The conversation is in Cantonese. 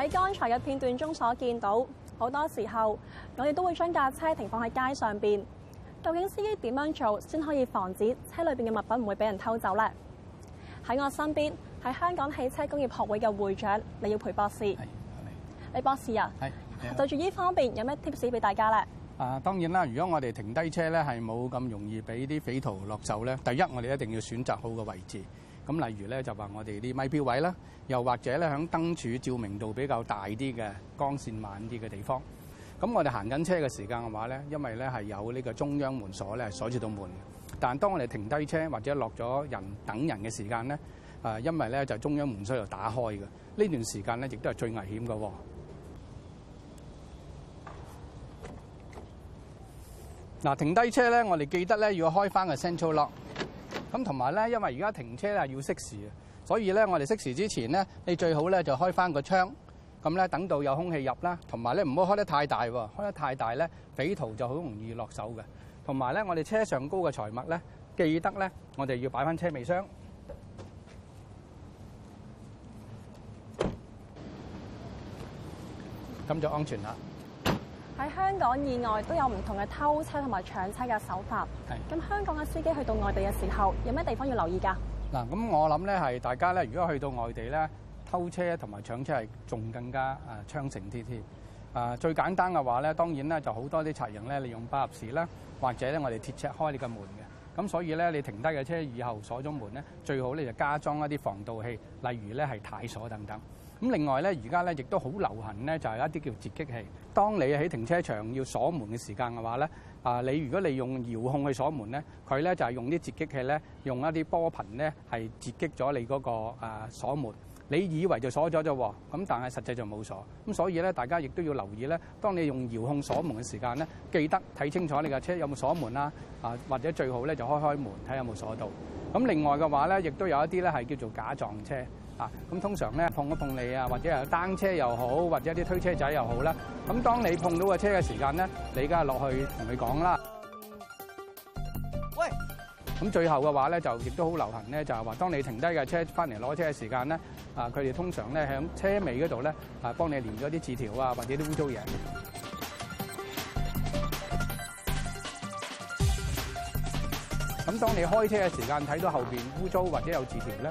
喺剛才嘅片段中所見到，好多時候我哋都會將架車停放喺街上邊。究竟司機點樣做先可以防止車裏邊嘅物品唔會俾人偷走呢？喺我身邊係香港汽車工業學會嘅會長李耀培博士。你李博士啊，對住呢方面有咩 tips 俾大家咧？啊，當然啦，如果我哋停低車咧係冇咁容易俾啲匪徒落手咧。第一，我哋一定要選擇好嘅位置。咁例如咧，就話我哋啲咪錶位啦，又或者咧喺燈柱照明度比較大啲嘅，光線猛啲嘅地方。咁我哋行緊車嘅時間嘅話咧，因為咧係有呢個中央門鎖咧鎖住到門。但係當我哋停低車或者落咗人等人嘅時間咧，誒因為咧就中央門鎖又打開嘅，呢段時間咧亦都係最危險嘅。嗱，停低車咧，我哋記得咧要開返個 central lock。咁同埋咧，因為而家停車咧係要熄匙，所以咧我哋熄匙之前咧，你最好咧就開翻個窗，咁咧等到有空氣入啦，同埋咧唔好開得太大喎，開得太大咧匪徒就好容易落手嘅。同埋咧，我哋車上高嘅財物咧，記得咧我哋要擺翻車尾箱，咁就安全啦。喺香港以外都有唔同嘅偷車同埋搶車嘅手法。係咁，香港嘅司機去到外地嘅時候，有咩地方要留意㗎？嗱，咁我諗咧係大家咧，如果去到外地咧，偷車同埋搶車係仲更加啊猖、呃、盛啲添。啊、呃，最簡單嘅話咧，當然咧就好多啲賊人咧，利用百合匙啦，或者咧我哋鐵尺開你嘅門嘅。咁所以咧，你停低嘅車以後鎖咗門咧，最好咧就加裝一啲防盜器，例如咧係軚鎖等等。咁另外咧，而家咧亦都好流行咧，就係一啲叫截擊器。當你喺停車場要鎖門嘅時間嘅話咧，啊，你如果利用遙控去鎖門咧，佢咧就係用啲截擊器咧，用一啲波頻咧，係截擊咗你嗰個啊鎖門。你以為就鎖咗啫喎，咁但係實際就冇鎖。咁所以咧，大家亦都要留意咧，當你用遙控鎖門嘅時間咧，記得睇清楚你架車有冇鎖門啦，啊，或者最好咧就開開門睇下有冇鎖到。咁另外嘅話咧，亦都有一啲咧係叫做假撞車。啊，咁通常咧碰一碰你啊，或者係單車又好，或者啲推車仔又好啦。咁當你碰到個車嘅時間咧，你而家落去同佢講啦。喂，咁最後嘅話咧，就亦都好流行咧，就係話當你停低架車翻嚟攞車嘅時間咧，啊佢哋通常咧喺車尾嗰度咧啊幫你連咗啲字條啊，或者啲污糟嘢。咁當你開車嘅時間睇到後邊污糟或者有字條咧，